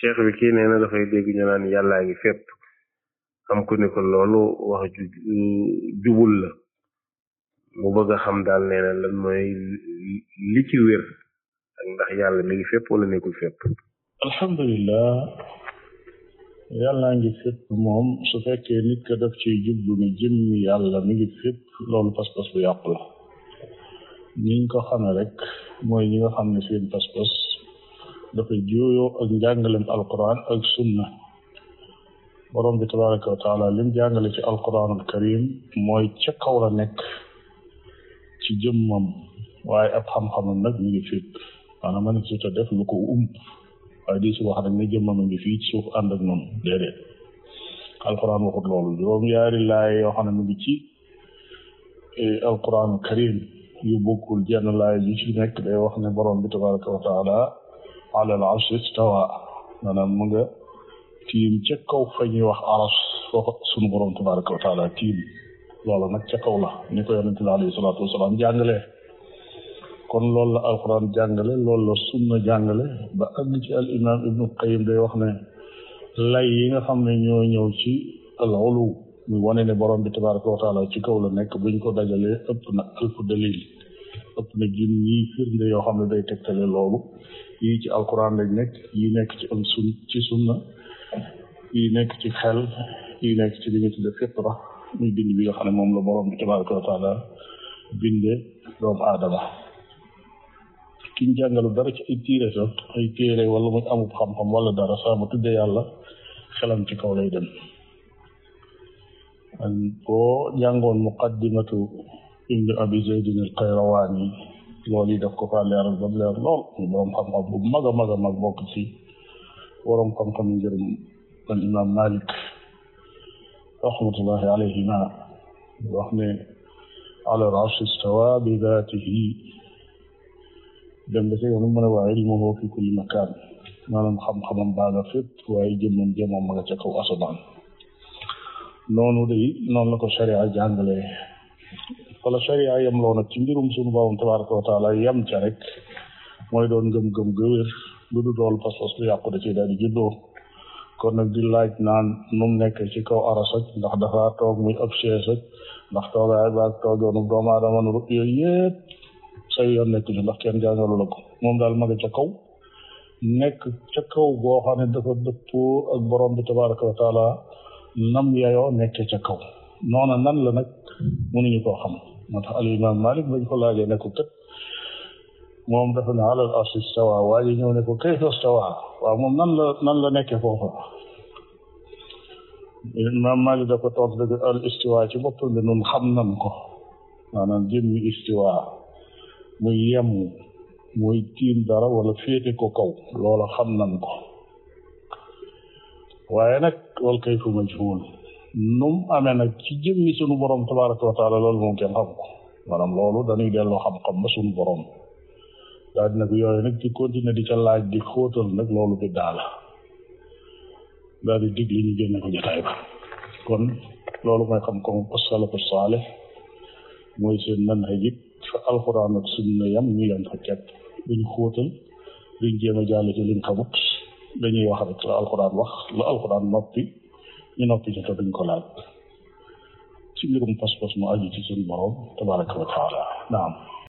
cheikh bi kii nee na dafay dégg ñu naan yàllaa ngi fépp am ku ni loolu wax ju jubul la mu bëgg a xam daal nee na lan mooy li ci wér ak ndax yàlla mi ngi fépp wala nekkul fépp alhamdulilah yàllaa ngi fépp moom su fekkee nit ka daf ciy jublu ni jëmmi yàlla mi ngi fépp loolu pas-pas bu yàqu la ñiñ ko xame rek mooy ñi nga xam ne seen pas-pas dafa juuyoo ak njàngalem alquran ak sunna borom bi tabaraka wa taala jàngale ci alquranul karim mooy ca kaw la nekk ci jëmmam waaye ab xam-xamam nag mu ngi fépp maanaam ma ne su def ko um. di si wax rek ne jëmmam a fii ci suuf ànd ak noonu déedéet alquran waxut loolu juróom yaari laay yoo xam ne mi ngi ci e, alquranul karim yu bokkul jenn laay bi ci nekk day wax ne borom bi tabaraka wa alal arsh tawa maanaam mu nga tiim ca kaw fa ñuy wax arsh foofa sunu borom tabaraka wa taala tiim loola nag ca kaw la ni ko yonente bi alayhi salaatu wasalaam jàngalee kon loolu la alquran jàngale loolu la sunna jàngale ba àgg ci al ibnu qayim day wax ne lay yi nga xam ne ñoo ñëw ci al ulu wane ne borom bi tabaraka wa taala ci kaw la nekk buñ ko dajalee ëpp na alfu dalil ëpp na junni firnde yoo xam ne day tegtale loolu yii ci alquran lañ nekk yii nekk ci am sun ci sunna yii nekk ci xel yii nekk ci li ñu tudde muy bind bi nga xam ne moom la borom bi tabaraka wa taala binde doomu aadama kiñ jàngalu dara ci ay téere sax ay téere wala muy amub xam-xam wala dara saa bu tuddee yàlla xelam ci kaw lay dem an boo jàngoon muqaddimatu ibnu abi zaydin al loolu yi daf ko faa leeral ba mu leer lool borom xam-xam bu mag a mag a mag bokk ci borom xam-xam njërum al imam malik rahmatullahi alayhima wax ne ala al-arshi istawa bi daatihi dem ba ci yoonu mu ne waa ilmuhu fi kulli makaan maanaam xam-xamam baa nga fépp waaye jëmmam jëmmam ma nga ca kaw asamaan noonu de noonu la ko sharia jàngale wala sharia yemloo nag ci mbirum suñu borom tabaraka wa taala yem ca rek mooy doon ngëm-ngëm ga wér lu du dool pas-pas bu yàqu da ci daal di kon nag di laaj naan nu mu nekk ci kaw aras ak ndax dafa toog muy ab chaise ak ndax toogaay baag toogoonu doomu aadama nu yooyu yëpp say yoon nekk ci ndax kenn jàngalu ko moom daal ma ca kaw nekk kaw goo xam ne dafa dëppoo ak borom bi tabaraka wa taala nam yayoo nekk ca kaw noona nan la nag mënuñu koo xam moo tax al imam malik bañ ko laajee ne ko moom dafa ne alal arsi stawa waa ji ñëw ne ko kayfa stawa waaw moom nan la nan la nekkee foofa imam malik dafa toog dëgg al istiwa ci boppam de nun xam nan ko maanaam jëmmi istiwa muy yem muy tiim dara wala féete ko kaw loola xam nan ko waaye nag wal kayfu majhul nu mu amee nag ci jëmmi sunu borom tabaraka wa taala loolu moom kenn xam ko maanaam loolu dañuy delloo xam-xam ba sunu borom daal di nag yooyu nag di continuer di ca laaj nag loolu bi daala di dig li ñu loolu mooy xam-xam mooy seen nan xëj it fa yam ñu yam fa kepp duñ xóotal a jàll ci liñ xamut dañuy wax rek la alxuraan wax la alxuraan noppi ñu noppi ci te duñ ko laaj ci mbirum pas-pas mu aju ci suñu borom tabaraka wa taala naam